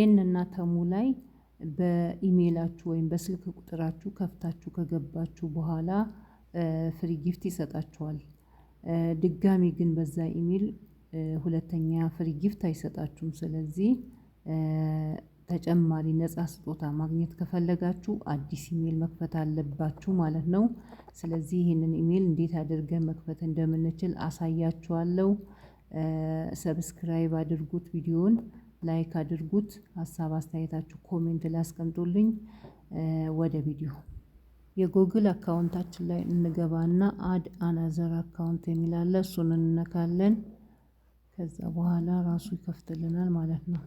ኤን እና ተሙ ላይ በኢሜይላችሁ ወይም በስልክ ቁጥራችሁ ከፍታችሁ ከገባችሁ በኋላ ፍሪ ጊፍት ይሰጣችኋል። ድጋሚ ግን በዛ ኢሜይል ሁለተኛ ፍሪ ጊፍት አይሰጣችሁም። ስለዚህ ተጨማሪ ነፃ ስጦታ ማግኘት ከፈለጋችሁ አዲስ ኢሜይል መክፈት አለባችሁ ማለት ነው። ስለዚህ ይህንን ኢሜይል እንዴት አድርገን መክፈት እንደምንችል አሳያችኋለሁ። ሰብስክራይብ አድርጉት ቪዲዮውን ላይክ አድርጉት። ሀሳብ አስተያየታችሁ ኮሜንት ላይ አስቀምጡልኝ። ወደ ቪዲዮ የጎግል አካውንታችን ላይ እንገባና አድ አናዘር አካውንት የሚላለ እሱን እንነካለን። ከዛ በኋላ ራሱ ይከፍትልናል ማለት ነው።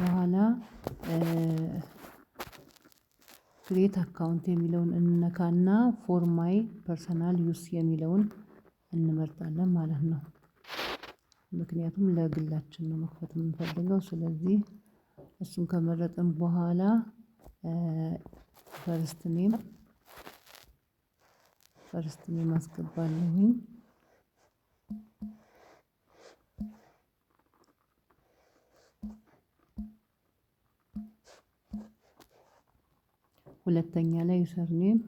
በኋላ ክሬት አካውንት የሚለውን እንነካና ፎር ማይ ፐርሰናል ዩስ የሚለውን እንመርጣለን ማለት ነው። ምክንያቱም ለግላችን ነው መክፈት የምንፈልገው ስለዚህ እሱን ከመረጥን በኋላ ፈርስት ኔም ፈርስት ኔም አስገባለሁኝ ሁለተኛ ላይ ዩዘርኔም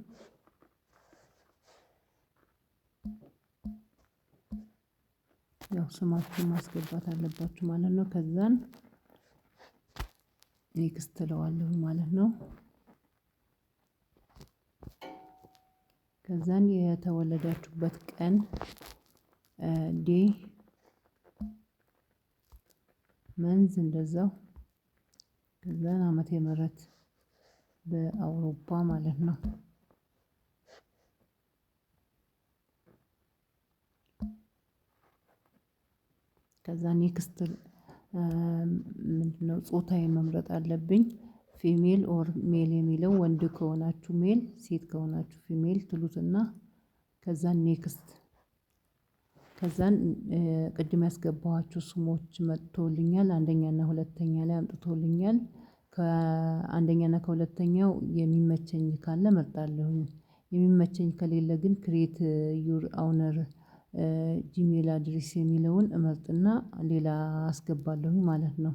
ያው ስማችሁን ማስገባት አለባችሁ ማለት ነው። ከዛን ኔክስት ትለዋለሁ ማለት ነው። ከዛን የተወለዳችሁበት ቀን ዴ መንዝ እንደዛው ከዛን አመት የምህረት በአውሮፓ ማለት ነው። ከዛ ኔክስት ምንድነው ጾታዬን መምረጥ አለብኝ። ፊሜል ኦር ሜል የሚለው ወንድ ከሆናችሁ ሜል ሴት ከሆናችሁ ፊሜል ትሉትና ከዛን ኔክስት ከዛን ቅድም ያስገባኋችሁ ስሞች መጥቶልኛል አንደኛ እና ሁለተኛ ላይ አምጥቶልኛል ከአንደኛ ከሁለተኛው የሚመቸኝ ካለ መርጣለሁኝ። የሚመቸኝ ከሌለ ግን ክሬት ዩር አውነር ጂሜል አድሬስ የሚለውን እመርጥና ሌላ አስገባለሁኝ ማለት ነው።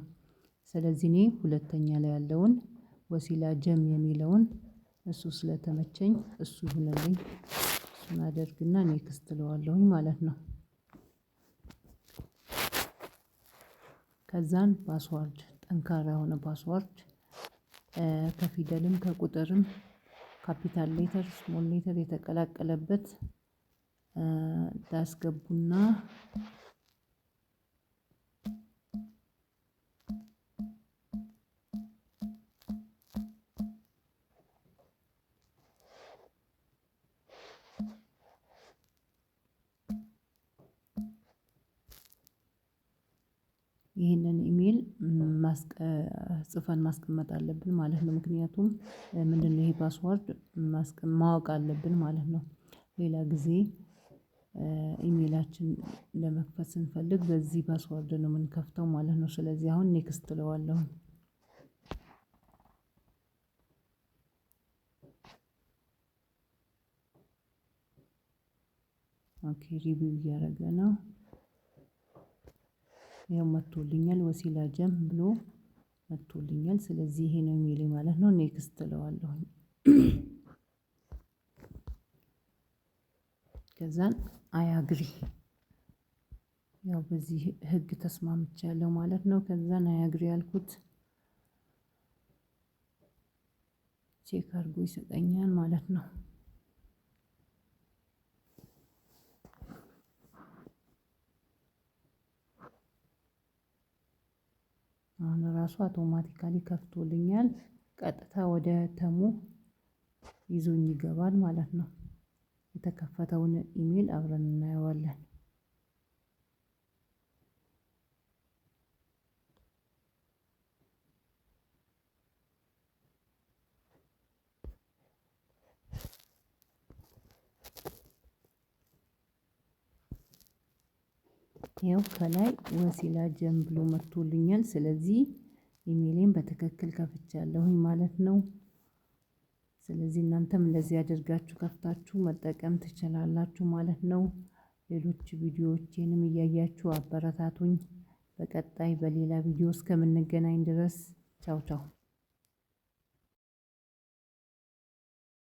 ስለዚህ እኔ ሁለተኛ ላይ ያለውን ወሲላ ጀም የሚለውን እሱ ስለተመቸኝ እሱ ይሁንልኝ እሱን አደርግና ኔክስት እለዋለሁኝ ማለት ነው። ከዛን ፓስዋርድ ጠንካራ የሆነ ፓስዋርድ ከፊደልም ከቁጥርም ካፒታል ሌተር ስሞል ሌተር የተቀላቀለበት ዳስገቡና ይህንን ኢሜል ጽፈን ማስቀመጥ አለብን ማለት ነው። ምክንያቱም ነው ይሄ ፓስወርድ ማወቅ አለብን ማለት ነው። ሌላ ጊዜ ኢሜይላችን ለመክፈት ስንፈልግ በዚህ ፓስወርድ ነው የምንከፍተው ማለት ነው። ስለዚህ አሁን ኔክስት ትለዋለሁ ኦኬ ሪቪው እያደረገ ነው ያው መቶልኛል ወሲላ ጀም ብሎ መቶልኛል ስለዚህ ይሄ ነው የሚል ማለት ነው። ኔክስት እለዋለሁ። ከዛን አያግሪ ያው በዚህ ህግ ተስማምቻለሁ ማለት ነው። ከዛን አያግሪ ያልኩት ቼክ አድርጎ ይሰጠኛል ማለት ነው። ራሱ አውቶማቲካሊ ከፍቶልኛል ቀጥታ ወደ ተሙ ይዞኝ ይገባል ማለት ነው። የተከፈተውን ኢሜል አብረን እናየዋለን። ይኸው ከላይ ወሲላ ጀም ብሎ መጥቶልኛል ስለዚህ ኢሜሌን በትክክል ከፍቻለሁኝ ማለት ነው። ስለዚህ እናንተም እንደዚህ አድርጋችሁ ከፍታችሁ መጠቀም ትችላላችሁ ማለት ነው። ሌሎች ቪዲዮዎቼንም እያያችሁ አበረታቱኝ። በቀጣይ በሌላ ቪዲዮ እስከምንገናኝ ድረስ ቻው ቻው